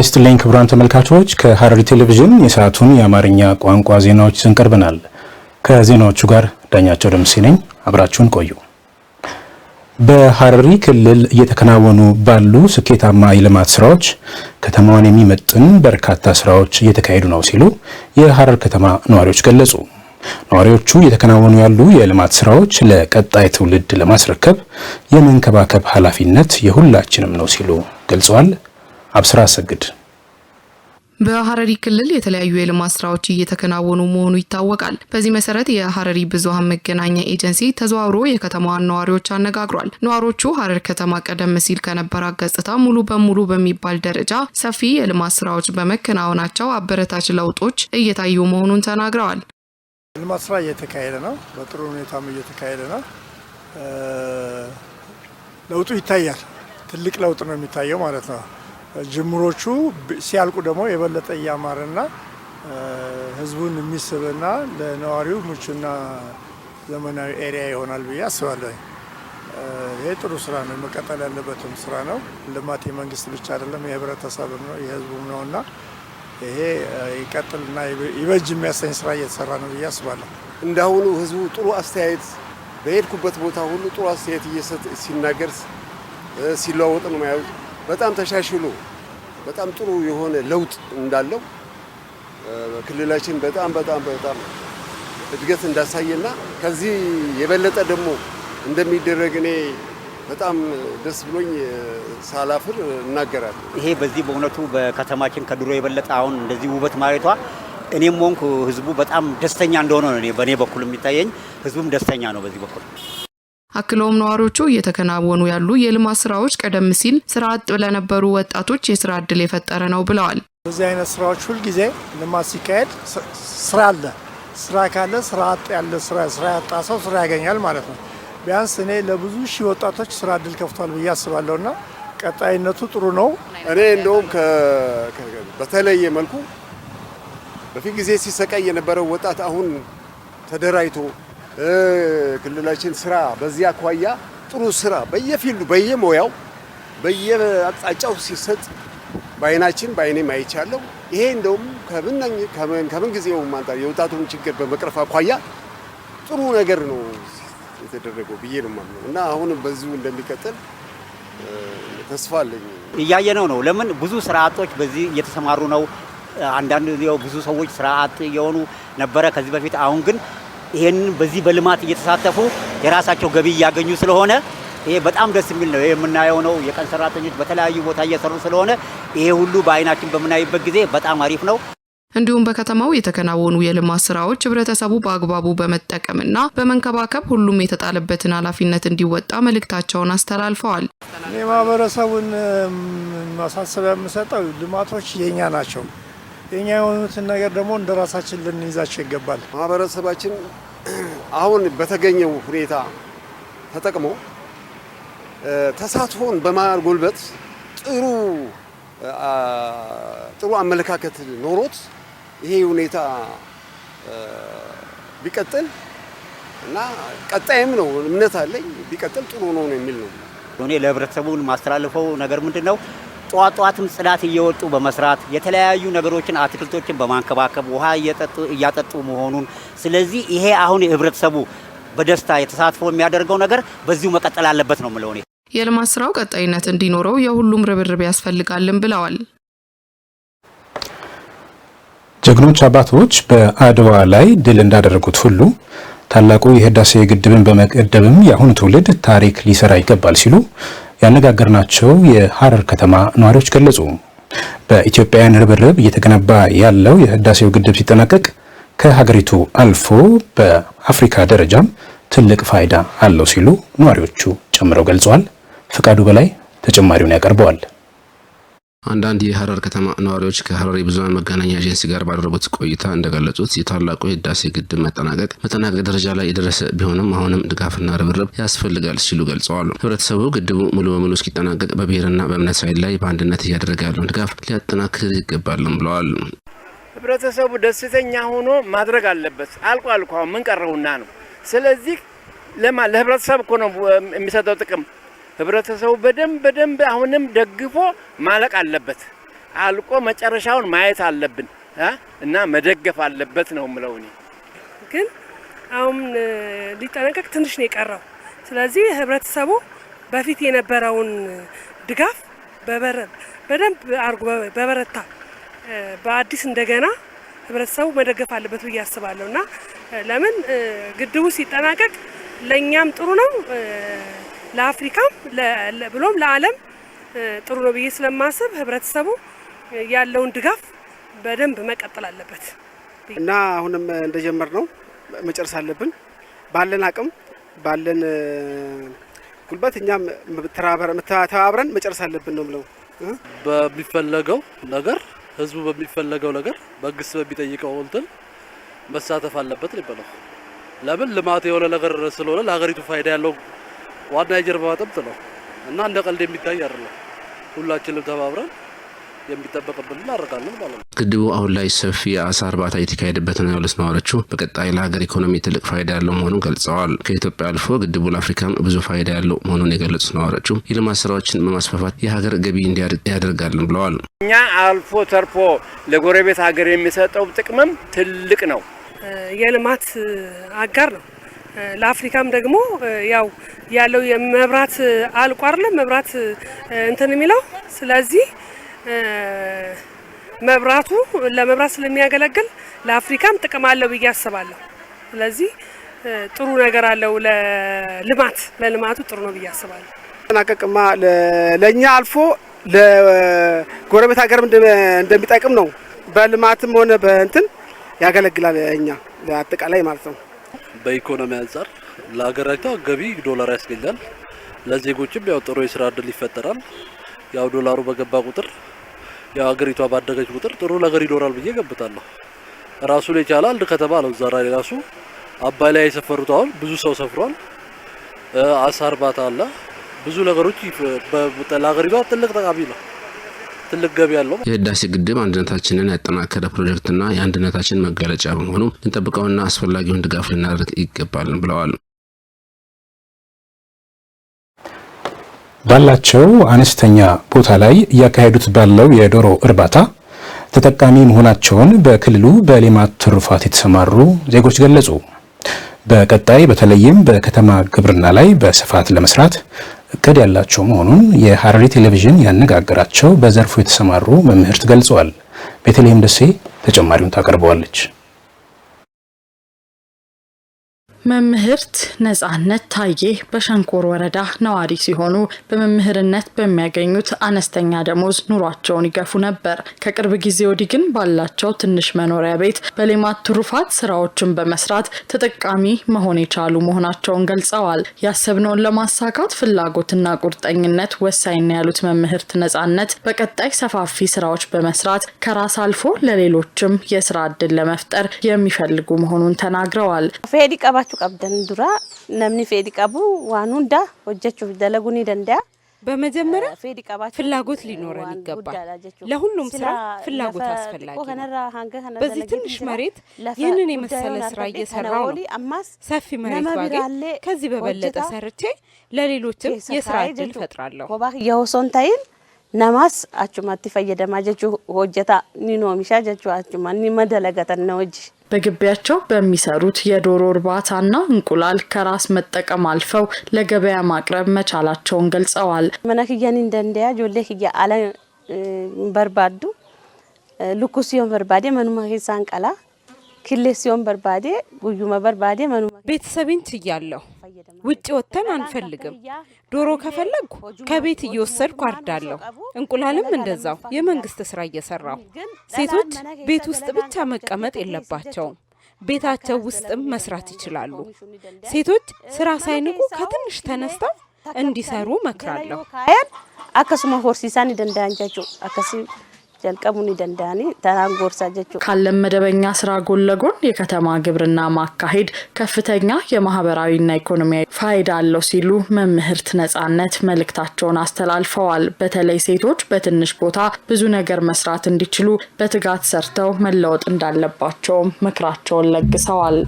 ይስጥልኝ ክቡራን ተመልካቾች፣ ከሐረሪ ቴሌቪዥን የሰዓቱን የአማርኛ ቋንቋ ዜናዎች ይዘን ቀርበናል። ከዜናዎቹ ጋር ዳኛቸው ደምሴ ነኝ። አብራችሁን ቆዩ። በሐረሪ ክልል እየተከናወኑ ባሉ ስኬታማ የልማት ስራዎች ከተማዋን የሚመጥን በርካታ ስራዎች እየተካሄዱ ነው ሲሉ የሐረር ከተማ ነዋሪዎች ገለጹ። ነዋሪዎቹ እየተከናወኑ ያሉ የልማት ስራዎች ለቀጣይ ትውልድ ለማስረከብ የመንከባከብ ኃላፊነት የሁላችንም ነው ሲሉ ገልጸዋል። አብስራ ሰግድ በሐረሪ ክልል የተለያዩ የልማት ስራዎች እየተከናወኑ መሆኑ ይታወቃል። በዚህ መሰረት የሐረሪ ብዙሀን መገናኛ ኤጀንሲ ተዘዋውሮ የከተማዋን ነዋሪዎች አነጋግሯል። ነዋሪዎቹ ሐረር ከተማ ቀደም ሲል ከነበራት ገጽታ ሙሉ በሙሉ በሚባል ደረጃ ሰፊ የልማት ስራዎች በመከናወናቸው አበረታች ለውጦች እየታዩ መሆኑን ተናግረዋል። የልማት ስራ እየተካሄደ ነው። በጥሩ ሁኔታም እየተካሄደ ነው። ለውጡ ይታያል። ትልቅ ለውጥ ነው የሚታየው ማለት ነው። ጅምሮቹ ሲያልቁ ደግሞ የበለጠ እያማረና ህዝቡን የሚስብና ለነዋሪው ምቹና ዘመናዊ ኤሪያ ይሆናል ብዬ አስባለሁ። ይህ ጥሩ ስራ ነው፣ መቀጠል ያለበትም ስራ ነው። ልማት የመንግስት ብቻ አይደለም፣ የህብረተሰብም ነው የህዝቡም ነው እና ይሄ ይቀጥልና ይበጅ የሚያሰኝ ስራ እየተሰራ ነው ብዬ አስባለሁ። እንዳሁኑ ህዝቡ ጥሩ አስተያየት በሄድኩበት ቦታ ሁሉ ጥሩ አስተያየት እየሰጥ ሲናገር ሲለዋወጥ ነው ያዩት። በጣም ተሻሽሎ በጣም ጥሩ የሆነ ለውጥ እንዳለው ክልላችን በጣም በጣም በጣም እድገት እንዳሳየና ከዚህ የበለጠ ደግሞ እንደሚደረግ እኔ በጣም ደስ ብሎኝ ሳላፍር እናገራለሁ። ይሄ በዚህ በእውነቱ በከተማችን ከድሮ የበለጠ አሁን እንደዚህ ውበት ማየቷ እኔም ሆንኩ ህዝቡ በጣም ደስተኛ እንደሆነ ነው በእኔ በኩል የሚታየኝ። ህዝቡም ደስተኛ ነው በዚህ በኩል አክለውም ነዋሪዎቹ እየተከናወኑ ያሉ የልማት ስራዎች ቀደም ሲል ስራ አጥ ለነበሩ ወጣቶች የስራ እድል የፈጠረ ነው ብለዋል። በዚህ አይነት ስራዎች ሁልጊዜ ልማት ሲካሄድ ስራ አለ። ስራ ካለ ስራ አጥ ያለ ስራ ያጣ ሰው ስራ ያገኛል ማለት ነው። ቢያንስ እኔ ለብዙ ሺህ ወጣቶች ስራ እድል ከፍቷል ብዬ አስባለሁ እና ቀጣይነቱ ጥሩ ነው። እኔ እንደውም በተለየ መልኩ በፊት ጊዜ ሲሰቃይ የነበረው ወጣት አሁን ተደራጅቶ ክልላችን ስራ በዚህ አኳያ ጥሩ ስራ በየፊልዱ በየሞያው በየአቅጣጫው ሲሰጥ በአይናችን በአይኔ አይቻለሁ። ይሄ እንደውም ከምን ጊዜውም የወጣቱን ችግር በመቅረፍ አኳያ ጥሩ ነገር ነው የተደረገው ብዬ ነው የማምነው እና አሁንም በዚሁ እንደሚቀጥል ተስፋ አለኝ። እያየነው ነው። ለምን ብዙ ስራ አጦች በዚህ እየተሰማሩ ነው። አንዳንድ ብዙ ሰዎች ስራ አጥ እየሆኑ ነበረ ከዚህ በፊት አሁን ግን ይሄንን በዚህ በልማት እየተሳተፉ የራሳቸው ገቢ እያገኙ ስለሆነ ይሄ በጣም ደስ የሚል ነው። ይሄ የምናየው ነው። የቀን ሰራተኞች በተለያዩ ቦታ እየሰሩ ስለሆነ ይሄ ሁሉ በአይናችን በምናይበት ጊዜ በጣም አሪፍ ነው። እንዲሁም በከተማው የተከናወኑ የልማት ስራዎች ህብረተሰቡ በአግባቡ በመጠቀምና በመንከባከብ ሁሉም የተጣለበትን ኃላፊነት እንዲወጣ መልእክታቸውን አስተላልፈዋል። እኔ ማህበረሰቡን ማሳሰቢያ የምሰጠው ልማቶች የኛ ናቸው። የኛ የሆኑትን ነገር ደግሞ እንደ ራሳችን ልንይዛቸው ይገባል። ማህበረሰባችን አሁን በተገኘው ሁኔታ ተጠቅሞ ተሳትፎን በማጎልበት ጥሩ ጥሩ አመለካከት ኖሮት ይሄ ሁኔታ ቢቀጥል እና ቀጣይም ነው እምነት አለኝ ቢቀጥል ጥሩ ነው የሚል ነው። እኔ ለህብረተሰቡን ማስተላልፈው ነገር ምንድን ነው ጠዋት ጽዳት እየወጡ በመስራት የተለያዩ ነገሮችን አትክልቶችን በማንከባከብ ውሃ እያጠጡ መሆኑን ስለዚህ ይሄ አሁን ህብረተሰቡ በደስታ የተሳትፎ የሚያደርገው ነገር በዚሁ መቀጠል አለበት ነው ምለሆኔ የልማት ስራው ቀጣይነት እንዲኖረው የሁሉም ርብርብ ያስፈልጋልን ብለዋል። ጀግኖች አባቶች በአድዋ ላይ ድል እንዳደረጉት ሁሉ ታላቁ የህዳሴ ግድብን በመቀደብም የአሁኑ ትውልድ ታሪክ ሊሰራ ይገባል ሲሉ ያነጋገርናቸው የሐረር ከተማ ነዋሪዎች ገለጹ። በኢትዮጵያውያን ርብርብ እየተገነባ ያለው የህዳሴው ግድብ ሲጠናቀቅ ከሀገሪቱ አልፎ በአፍሪካ ደረጃም ትልቅ ፋይዳ አለው ሲሉ ነዋሪዎቹ ጨምረው ገልጸዋል። ፍቃዱ በላይ ተጨማሪውን ያቀርበዋል። አንዳንድ የሐረር ከተማ ነዋሪዎች ከሐረር የብዙሃን መገናኛ ኤጀንሲ ጋር ባደረጉት ቆይታ እንደገለጹት የታላቁ የህዳሴ ግድብ መጠናቀቅ መጠናቀቅ ደረጃ ላይ የደረሰ ቢሆንም አሁንም ድጋፍና ርብርብ ያስፈልጋል ሲሉ ገልጸዋል። ህብረተሰቡ ግድቡ ሙሉ በሙሉ እስኪጠናቀቅ በብሔርና በእምነት ሳይል ላይ በአንድነት እያደረገ ያለውን ድጋፍ ሊያጠናክር ይገባልም ብለዋል። ህብረተሰቡ ደስተኛ ሆኖ ማድረግ አለበት። አልቆ አልቆ ምን ቀረውና ነው። ስለዚህ ለማ ለህብረተሰብ እኮ ነው የሚሰጠው ጥቅም ህብረተሰቡ በደንብ በደንብ አሁንም ደግፎ ማለቅ አለበት። አልቆ መጨረሻውን ማየት አለብን እና መደገፍ አለበት ነው የምለው እኔ። ግን አሁን ሊጠናቀቅ ትንሽ ነው የቀረው። ስለዚህ ህብረተሰቡ በፊት የነበረውን ድጋፍ በደንብ አድርጎ በበረታ በአዲስ እንደገና ህብረተሰቡ መደገፍ አለበት ብዬ አስባለሁ እና ለምን ግድቡ ሲጠናቀቅ ለእኛም ጥሩ ነው ለአፍሪካም ብሎም ለዓለም ጥሩ ነው ብዬ ስለማስብ ህብረተሰቡ ያለውን ድጋፍ በደንብ መቀጠል አለበት እና አሁንም እንደጀመር ነው መጨረስ አለብን። ባለን አቅም ባለን ጉልበት እኛም ተባብረን መጨረስ አለብን ነው ብለው በሚፈለገው ነገር ህዝቡ በሚፈለገው ነገር መንግስት በሚጠይቀው እንትን መሳተፍ አለበት ይባላል። ለምን ልማት የሆነ ነገር ስለሆነ ለሀገሪቱ ፋይዳ ያለው ዋና የጀርባ አጥንት ነው እና እንደ ቀልድ የሚታይ አይደለም። ሁላችንም ተባብረን የሚጠበቅብን እናደርጋለን ማለት ነው። ግድቡ አሁን ላይ ሰፊ የአሳ እርባታ የተካሄደበት ነው ያሉት ነዋሪዎቹ በቀጣይ ለሀገር ኢኮኖሚ ትልቅ ፋይዳ ያለው መሆኑን ገልጸዋል። ከኢትዮጵያ አልፎ ግድቡ ለአፍሪካም ብዙ ፋይዳ ያለው መሆኑን የገለጹት ነዋሪዎቹ የልማት ስራዎችን በማስፋፋት የሀገር ገቢ እንዲያደርጋለን ብለዋል። እኛ አልፎ ተርፎ ለጎረቤት ሀገር የሚሰጠው ጥቅምም ትልቅ ነው። የልማት አጋር ነው። ለአፍሪካም ደግሞ ያው ያለው የመብራት አልቆ አይደለም መብራት እንትን የሚለው ስለዚህ መብራቱ ለመብራት ስለሚያገለግል ለአፍሪካም ጥቅም አለው ብዬ አስባለሁ። ስለዚህ ጥሩ ነገር አለው ለልማት ለልማቱ ጥሩ ነው ብዬ አስባለሁ። ጠናቀቅማ ለእኛ አልፎ ለጎረቤት ሀገርም እንደሚጠቅም ነው። በልማትም ሆነ በእንትን ያገለግላል እኛ አጠቃላይ ማለት ነው። በኢኮኖሚ አንጻር ለሀገራቷ ገቢ ዶላር ያስገኛል፣ ለዜጎችም ያው ጥሩ የስራ እድል ይፈጠራል። ያው ዶላሩ በገባ ቁጥር ያው ሀገሪቷ ባደገች ቁጥር ጥሩ ነገር ይኖራል ብዬ ገምታለሁ። ራሱን የቻለ አንድ ከተማ ነው። ዛራ ራሱ አባይ ላይ የሰፈሩት አሁን ብዙ ሰው ሰፍሯል። አሳ እርባታ አለ። ብዙ ነገሮች ለሀገሪቷ ትልቅ ጠቃሚ ነው። ትልቅ ገቢ ያለው የህዳሴ ግድብ አንድነታችንን ያጠናከረ ፕሮጀክትና የአንድነታችን መገለጫ በመሆኑ ልንጠብቀውና አስፈላጊውን ድጋፍ ልናደርግ ይገባል ብለዋል። ባላቸው አነስተኛ ቦታ ላይ እያካሄዱት ባለው የዶሮ እርባታ ተጠቃሚ መሆናቸውን በክልሉ በሌማት ትሩፋት የተሰማሩ ዜጎች ገለጹ። በቀጣይ በተለይም በከተማ ግብርና ላይ በስፋት ለመስራት እቅድ ያላቸው መሆኑን የሐረሪ ቴሌቪዥን ያነጋገራቸው በዘርፉ የተሰማሩ መምህርት ገልጸዋል። ቤተልሔም ደሴ ተጨማሪውን ታቀርበዋለች። መምህርት ነጻነት ታዬ በሸንኮር ወረዳ ነዋሪ ሲሆኑ በመምህርነት በሚያገኙት አነስተኛ ደሞዝ ኑሯቸውን ይገፉ ነበር። ከቅርብ ጊዜ ወዲህ ግን ባላቸው ትንሽ መኖሪያ ቤት በሌማት ትሩፋት ስራዎችን በመስራት ተጠቃሚ መሆን የቻሉ መሆናቸውን ገልጸዋል። ያሰብነውን ለማሳካት ፍላጎትና ቁርጠኝነት ወሳኝ ያሉት መምህርት ነጻነት በቀጣይ ሰፋፊ ስራዎች በመስራት ከራስ አልፎ ለሌሎችም የስራ እድል ለመፍጠር የሚፈልጉ መሆኑን ተናግረዋል። ቀብደን ዱራ ነምኒ ፌዲ ቀቡ ዋን ሁንዳ ሆጀቹ ደለጉ ኒ ደንደያ በመጀመሪያ eh, ፍላጎት ሊኖረን ይገባል። ለሁሉም ስራ ፍላጎት አስፈላጊ ነው። በዚህ ትንሽ መሬት ይህንን የመሰለ ስራ እየሰራው ነው። ሰፊ መሬት ባገኝ ከዚህ በበለጠ ሰርቼ ለሌሎችም የስራ እድል ፈጥራለሁ። የሆሶን ታይን ነማስ አቹማት ፈየደማ ጀቹ ሆጀታ ኒኖሚሻ ጀቹ አቹማ ኒመደለገተን ነው እጅ በግቢያቸው በሚሰሩት የዶሮ እርባታና እንቁላል ከራስ መጠቀም አልፈው ለገበያ ማቅረብ መቻላቸውን ገልጸዋል። መናክያን እንደንደያ ጆሌ ክያ አለ በርባዱ ልኩ ሲሆን በርባዴ መኑማ ኬሳን ቀላ ክሌ ሲሆን በርባዴ ጉዩመ በርባዴ መኑማ ቤተሰቤን ትያለሁ ውጭ ወጥተን አንፈልግም። ዶሮ ከፈለግኩ ከቤት እየወሰድኩ አርዳለሁ። እንቁላልም እንደዛው የመንግስት ስራ እየሰራሁ። ሴቶች ቤት ውስጥ ብቻ መቀመጥ የለባቸውም፣ ቤታቸው ውስጥም መስራት ይችላሉ። ሴቶች ስራ ሳይንቁ ከትንሽ ተነስተው እንዲሰሩ መክራለሁ። አከስሞ ሆርሲሳን ደንዳንጃቸው ጀልቀቡኒ ደንዳኒ ተናን ጎርሳ ጀቹ ካለም መደበኛ ስራ ጎን ለጎን የከተማ ግብርና ማካሄድ ከፍተኛ የማህበራዊና ኢኮኖሚያዊ ፋይዳ አለው ሲሉ መምህርት ነጻነት መልእክታቸውን አስተላልፈዋል። በተለይ ሴቶች በትንሽ ቦታ ብዙ ነገር መስራት እንዲችሉ በትጋት ሰርተው መለወጥ እንዳለባቸውም ምክራቸውን ለግሰዋል።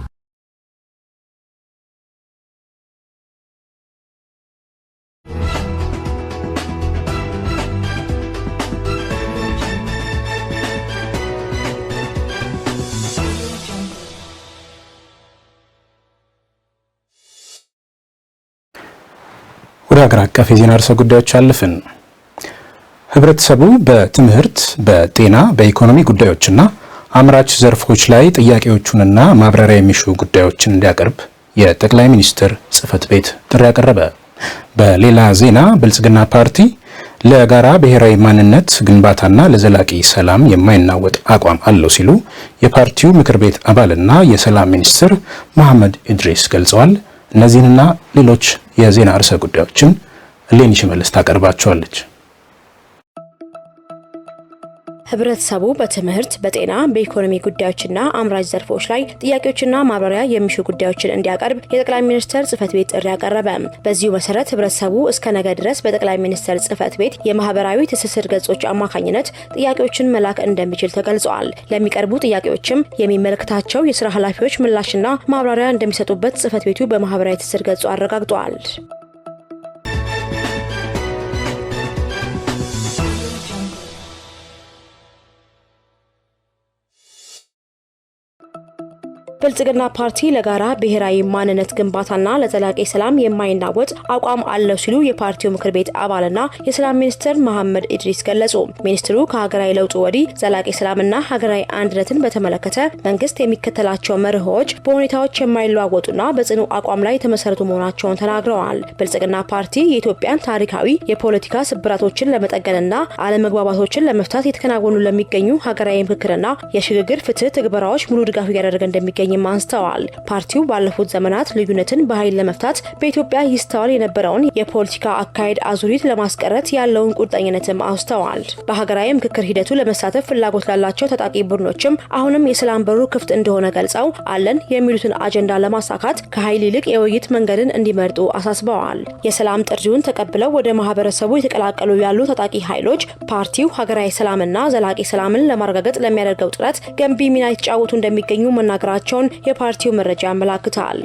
ሀገር አቀፍ የዜና ርዕሰ ጉዳዮች አልፍን። ህብረተሰቡ በትምህርት፣ በጤና፣ በኢኮኖሚ ጉዳዮችና አምራች ዘርፎች ላይ ጥያቄዎቹንና ማብራሪያ የሚሹ ጉዳዮችን እንዲያቀርብ የጠቅላይ ሚኒስትር ጽህፈት ቤት ጥሪ አቀረበ። በሌላ ዜና ብልጽግና ፓርቲ ለጋራ ብሔራዊ ማንነት ግንባታና ለዘላቂ ሰላም የማይናወጥ አቋም አለው ሲሉ የፓርቲው ምክር ቤት አባልና የሰላም ሚኒስትር መሐመድ ኢድሪስ ገልጸዋል። እነዚህንና ሌሎች የዜና ርዕሰ ጉዳዮችን እሌኒ ሽመልስ ታቀርባቸዋለች። ህብረተሰቡ በትምህርት፣ በጤና፣ በኢኮኖሚ ጉዳዮችና አምራች ዘርፎች ላይ ጥያቄዎችና ማብራሪያ የሚሹ ጉዳዮችን እንዲያቀርብ የጠቅላይ ሚኒስተር ጽህፈት ቤት ጥሪ አቀረበ። በዚሁ መሰረት ህብረተሰቡ እስከ ነገ ድረስ በጠቅላይ ሚኒስተር ጽህፈት ቤት የማህበራዊ ትስስር ገጾች አማካኝነት ጥያቄዎችን መላክ እንደሚችል ተገልጿል። ለሚቀርቡ ጥያቄዎችም የሚመለከታቸው የስራ ኃላፊዎች ምላሽና ማብራሪያ እንደሚሰጡበት ጽህፈት ቤቱ በማህበራዊ ትስስር ገጹ አረጋግጧል። ብልጽግና ፓርቲ ለጋራ ብሔራዊ ማንነት ግንባታና ለዘላቂ ሰላም የማይናወጥ አቋም አለው ሲሉ የፓርቲው ምክር ቤት አባልና የሰላም ሚኒስትር መሐመድ ኢድሪስ ገለጹ። ሚኒስትሩ ከሀገራዊ ለውጡ ወዲህ ዘላቂ ሰላምና ሀገራዊ አንድነትን በተመለከተ መንግስት የሚከተላቸው መርሆች በሁኔታዎች የማይለዋወጡና በጽኑ አቋም ላይ የተመሰረቱ መሆናቸውን ተናግረዋል። ብልጽግና ፓርቲ የኢትዮጵያን ታሪካዊ የፖለቲካ ስብራቶችን ለመጠገንና አለመግባባቶችን ለመፍታት የተከናወኑ ለሚገኙ ሀገራዊ ምክክርና የሽግግር ፍትህ ትግበራዎች ሙሉ ድጋፍ እያደረገ እንደሚገኝ በተለይም አንስተዋል። ፓርቲው ባለፉት ዘመናት ልዩነትን በኃይል ለመፍታት በኢትዮጵያ ይስተዋል የነበረውን የፖለቲካ አካሄድ አዙሪት ለማስቀረት ያለውን ቁርጠኝነትም አውስተዋል። በሀገራዊ ምክክር ሂደቱ ለመሳተፍ ፍላጎት ላላቸው ታጣቂ ቡድኖችም አሁንም የሰላም በሩ ክፍት እንደሆነ ገልጸው አለን የሚሉትን አጀንዳ ለማሳካት ከኃይል ይልቅ የውይይት መንገድን እንዲመርጡ አሳስበዋል። የሰላም ጥሪውን ተቀብለው ወደ ማህበረሰቡ የተቀላቀሉ ያሉ ታጣቂ ኃይሎች ፓርቲው ሀገራዊ ሰላምና ዘላቂ ሰላምን ለማረጋገጥ ለሚያደርገው ጥረት ገንቢ ሚና የተጫወቱ እንደሚገኙ መናገራቸውን መሆኑን የፓርቲው መረጃ ያመላክታል።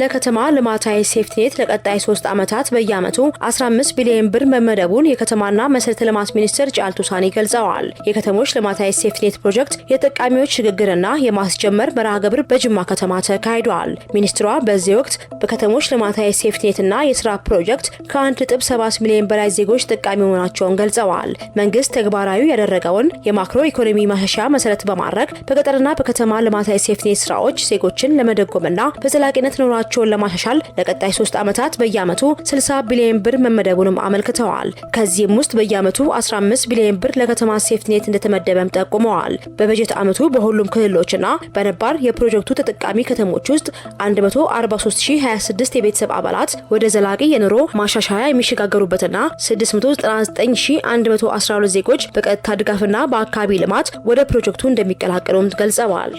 ለከተማ ልማታዊ ሴፍትኔት ለቀጣይ ሶስት ዓመታት በየዓመቱ 15 ቢሊዮን ብር መመደቡን የከተማና መሰረተ ልማት ሚኒስትር ጫልቱ ሳኒ ገልጸዋል። የከተሞች ልማታዊ ሴፍትኔት ፕሮጀክት የተጠቃሚዎች ሽግግርና የማስጀመር መርሃ ግብር በጅማ ከተማ ተካሂዷል። ሚኒስትሯ በዚህ ወቅት በከተሞች ልማታዊ ሴፍትኔትና የስራ ፕሮጀክት ከ1.7 ሚሊዮን በላይ ዜጎች ተጠቃሚ መሆናቸውን ገልጸዋል። መንግስት ተግባራዊ ያደረገውን የማክሮ ኢኮኖሚ ማሻሻያ መሰረት በማድረግ በገጠርና በከተማ ልማታዊ ሴፍትኔት ስራዎች ዜጎችን ለመደጎምና በዘላቂነት ኖራቸው አቅማቸውን ለማሻሻል ለቀጣይ ሶስት ዓመታት በየዓመቱ 60 ቢሊዮን ብር መመደቡንም አመልክተዋል። ከዚህም ውስጥ በየዓመቱ 15 ቢሊዮን ብር ለከተማ ሴፍትኔት እንደተመደበም ጠቁመዋል። በበጀት ዓመቱ በሁሉም ክልሎችና በነባር የፕሮጀክቱ ተጠቃሚ ከተሞች ውስጥ 143026 የቤተሰብ አባላት ወደ ዘላቂ የኑሮ ማሻሻያ የሚሸጋገሩበትና 699112 ዜጎች በቀጥታ ድጋፍና በአካባቢ ልማት ወደ ፕሮጀክቱ እንደሚቀላቀሉም ገልጸዋል።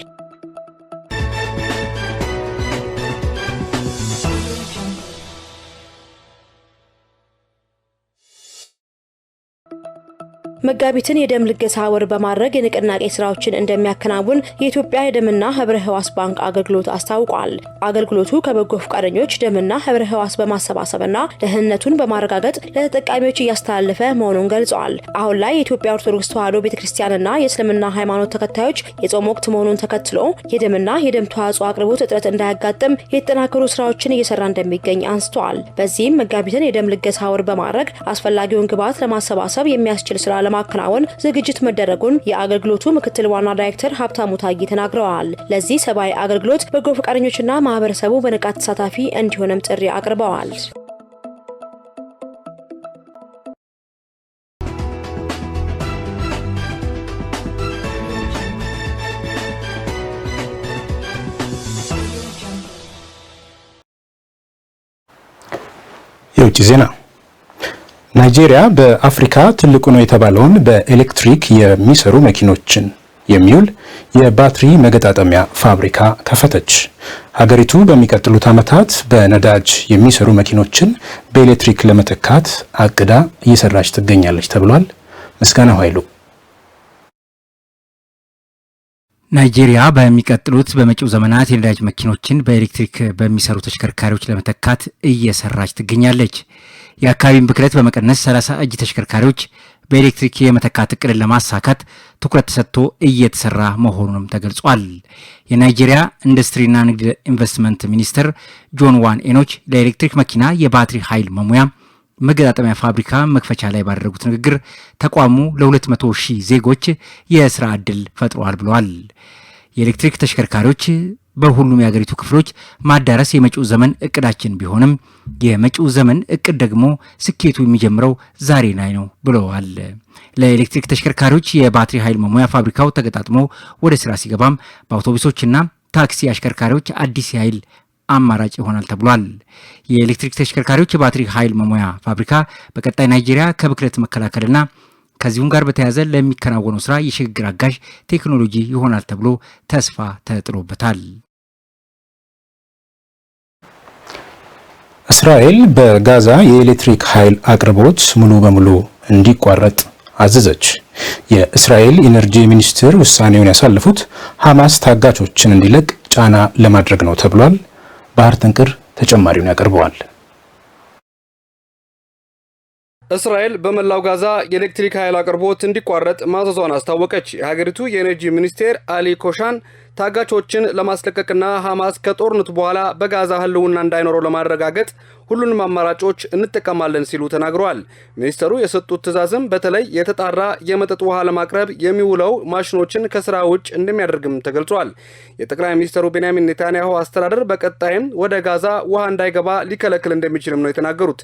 መጋቢትን የደም ልገሳ ወር በማድረግ የንቅናቄ ስራዎችን እንደሚያከናውን የኢትዮጵያ የደምና ህብረ ህዋስ ባንክ አገልግሎት አስታውቋል። አገልግሎቱ ከበጎ ፈቃደኞች ደምና ህብረ ህዋስ በማሰባሰብና ደህንነቱን በማረጋገጥ ለተጠቃሚዎች እያስተላለፈ መሆኑን ገልጿል። አሁን ላይ የኢትዮጵያ ኦርቶዶክስ ተዋሕዶ ቤተ የእስልምና ሃይማኖት ተከታዮች የጾም ወቅት መሆኑን ተከትሎ የደምና የደም ተዋጽኦ አቅርቦት እጥረት እንዳያጋጥም የተጠናከሩ ስራዎችን እየሰራ እንደሚገኝ አንስተዋል። በዚህም መጋቢትን የደም ልገሳ ወር በማድረግ አስፈላጊውን ግብዓት ለማሰባሰብ የሚያስችል ስራ ለማ ለማከናወን ዝግጅት መደረጉን የአገልግሎቱ ምክትል ዋና ዳይሬክተር ሀብታሙ ታጊ ተናግረዋል። ለዚህ ሰብአዊ አገልግሎት በጎ ፈቃደኞችና ማህበረሰቡ በንቃት ተሳታፊ እንዲሆንም ጥሪ አቅርበዋል። የውጭ ዜና ናይጄሪያ በአፍሪካ ትልቁ ነው የተባለውን በኤሌክትሪክ የሚሰሩ መኪኖችን የሚውል የባትሪ መገጣጠሚያ ፋብሪካ ከፈተች። ሀገሪቱ በሚቀጥሉት ዓመታት በነዳጅ የሚሰሩ መኪኖችን በኤሌክትሪክ ለመተካት አቅዳ እየሰራች ትገኛለች ተብሏል። ምስጋና ኃይሉ ናይጄሪያ በሚቀጥሉት በመጪው ዘመናት የነዳጅ መኪኖችን በኤሌክትሪክ በሚሰሩ ተሽከርካሪዎች ለመተካት እየሰራች ትገኛለች። የአካባቢን ብክለት በመቀነስ 30 እጅ ተሽከርካሪዎች በኤሌክትሪክ የመተካት እቅድን ለማሳካት ትኩረት ተሰጥቶ እየተሰራ መሆኑንም ተገልጿል። የናይጄሪያ ኢንዱስትሪና ንግድ ኢንቨስትመንት ሚኒስትር ጆን ዋን ኤኖች ለኤሌክትሪክ መኪና የባትሪ ኃይል መሙያ መገጣጠሚያ ፋብሪካ መክፈቻ ላይ ባደረጉት ንግግር ተቋሙ ለ200 ሺህ ዜጎች የስራ ዕድል ፈጥሯል ብለዋል። የኤሌክትሪክ ተሽከርካሪዎች በሁሉም የሀገሪቱ ክፍሎች ማዳረስ የመጪው ዘመን እቅዳችን ቢሆንም የመጪው ዘመን እቅድ ደግሞ ስኬቱ የሚጀምረው ዛሬ ላይ ነው ብለዋል። ለኤሌክትሪክ ተሽከርካሪዎች የባትሪ ኃይል መሙያ ፋብሪካው ተገጣጥሞ ወደ ስራ ሲገባም በአውቶቡሶችና ታክሲ አሽከርካሪዎች አዲስ የኃይል አማራጭ ይሆናል ተብሏል። የኤሌክትሪክ ተሽከርካሪዎች የባትሪ ኃይል መሙያ ፋብሪካ በቀጣይ ናይጄሪያ ከብክለት መከላከልና ከዚሁም ጋር በተያያዘ ለሚከናወነው ስራ የሽግግር አጋዥ ቴክኖሎጂ ይሆናል ተብሎ ተስፋ ተጥሎበታል። እስራኤል በጋዛ የኤሌክትሪክ ኃይል አቅርቦት ሙሉ በሙሉ እንዲቋረጥ አዘዘች። የእስራኤል ኢነርጂ ሚኒስትር ውሳኔውን ያሳለፉት ሐማስ ታጋቾችን እንዲለቅ ጫና ለማድረግ ነው ተብሏል። ባህር ጥንቅር ተጨማሪውን ያቀርበዋል። እስራኤል በመላው ጋዛ የኤሌክትሪክ ኃይል አቅርቦት እንዲቋረጥ ማዘዟን አስታወቀች። የሀገሪቱ የኤነርጂ ሚኒስቴር አሊ ኮሻን ታጋቾችን ለማስለቀቅና ሐማስ ከጦርነቱ በኋላ በጋዛ ህልውና እንዳይኖረው ለማረጋገጥ ሁሉንም አማራጮች እንጠቀማለን ሲሉ ተናግረዋል። ሚኒስተሩ የሰጡት ትዕዛዝም በተለይ የተጣራ የመጠጥ ውሃ ለማቅረብ የሚውለው ማሽኖችን ከስራ ውጭ እንደሚያደርግም ተገልጿል። የጠቅላይ ሚኒስተሩ ቤንያሚን ኔታንያሁ አስተዳደር በቀጣይም ወደ ጋዛ ውሃ እንዳይገባ ሊከለክል እንደሚችልም ነው የተናገሩት።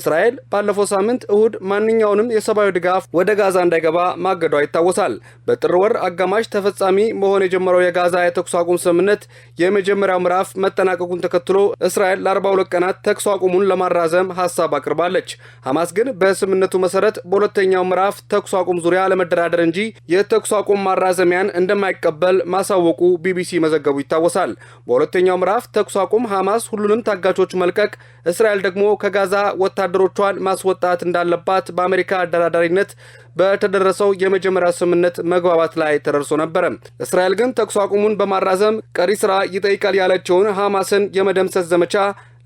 እስራኤል ባለፈው ሳምንት እሁድ ማንኛውንም የሰብአዊ ድጋፍ ወደ ጋዛ እንዳይገባ ማገዷ ይታወሳል። በጥር ወር አጋማሽ ተፈጻሚ መሆን የጀመረው የጋዛ የተኩስ አቁም ስምምነት የመጀመሪያው ምዕራፍ መጠናቀቁን ተከትሎ እስራኤል ለ42 ቀናት ተኩስ አቁም አቁሙን ለማራዘም ሀሳብ አቅርባለች። ሐማስ ግን በስምምነቱ መሰረት በሁለተኛው ምዕራፍ ተኩስ አቁም ዙሪያ ለመደራደር እንጂ የተኩስ አቁም ማራዘሚያን እንደማይቀበል ማሳወቁ ቢቢሲ መዘገቡ ይታወሳል። በሁለተኛው ምዕራፍ ተኩስ አቁም ሐማስ ሁሉንም ታጋቾች መልቀቅ፣ እስራኤል ደግሞ ከጋዛ ወታደሮቿን ማስወጣት እንዳለባት በአሜሪካ አደራዳሪነት በተደረሰው የመጀመሪያ ስምምነት መግባባት ላይ ተደርሶ ነበረ። እስራኤል ግን ተኩስ አቁሙን በማራዘም ቀሪ ስራ ይጠይቃል ያለችውን ሐማስን የመደምሰስ ዘመቻ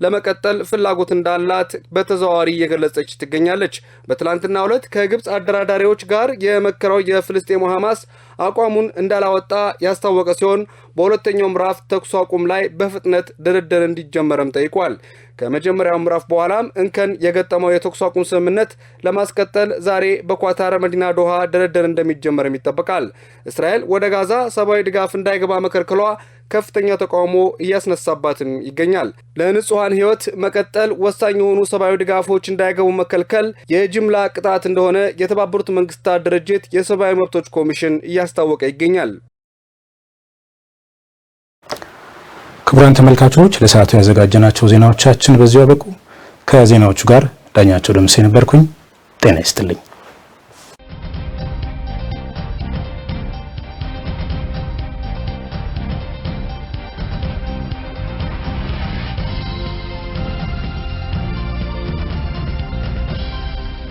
ለመቀጠል ፍላጎት እንዳላት በተዘዋዋሪ እየገለጸች ትገኛለች። በትላንትናው ዕለት ከግብፅ አደራዳሪዎች ጋር የመከረው የፍልስጤሙ ሐማስ አቋሙን እንዳላወጣ ያስታወቀ ሲሆን በሁለተኛው ምዕራፍ ተኩስ አቁም ላይ በፍጥነት ድርድር እንዲጀመርም ጠይቋል። ከመጀመሪያው ምዕራፍ በኋላም እንከን የገጠመው የተኩስ አቁም ስምምነት ለማስቀጠል ዛሬ በኳታር መዲና ዶሃ ድርድር እንደሚጀመርም ይጠበቃል። እስራኤል ወደ ጋዛ ሰብአዊ ድጋፍ እንዳይገባ መከልከሏ ከፍተኛ ተቃውሞ እያስነሳባትም ይገኛል። ለንጹሐን ህይወት መቀጠል ወሳኝ የሆኑ ሰብአዊ ድጋፎች እንዳይገቡ መከልከል የጅምላ ቅጣት እንደሆነ የተባበሩት መንግስታት ድርጅት የሰብአዊ መብቶች ኮሚሽን እያስታወቀ ይገኛል። ክቡራን ተመልካቾች ለሰዓቱ ያዘጋጀናቸው ዜናዎቻችን በዚሁ ያበቁ። ከዜናዎቹ ጋር ዳኛቸው ደምሴ ነበርኩኝ። ጤና ይስጥልኝ።